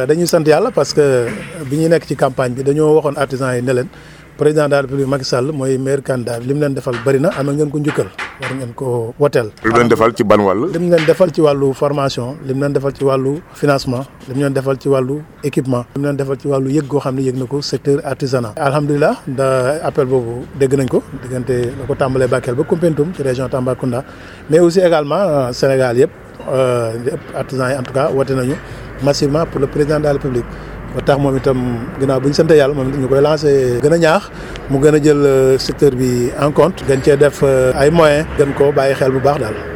Euh, dañuy sant yàlla parce que bi ñuy nekk ci campagne bi dañoo waxoon artisans yi ne président de la république Macky mooy maire candidat bi li mu defal bëri na ngeen ko njukkal war ngeen ko woteel. li mu defal ci ban wàll. li defal ci wàllu formation li mu defal ci wàllu financement li mu defal ci wàllu équipement. li mu defal ci wàllu yëg goo xam ne yëg na ko secteur artisanat. alhamdulilah da appel boobu dégg nañ ko diggante la ko tàmbalee Euh, artisans yi en tout cas woote nañu massivement pour le président daal la république ba tax moom itam ginnaaw bu ñu sant yàlla ñu koy lancé gën a ñaax mu gën a jël euh, secteur bi en compte gën cee def euh, ay moyen gën koo bàyyi xel bu baax daal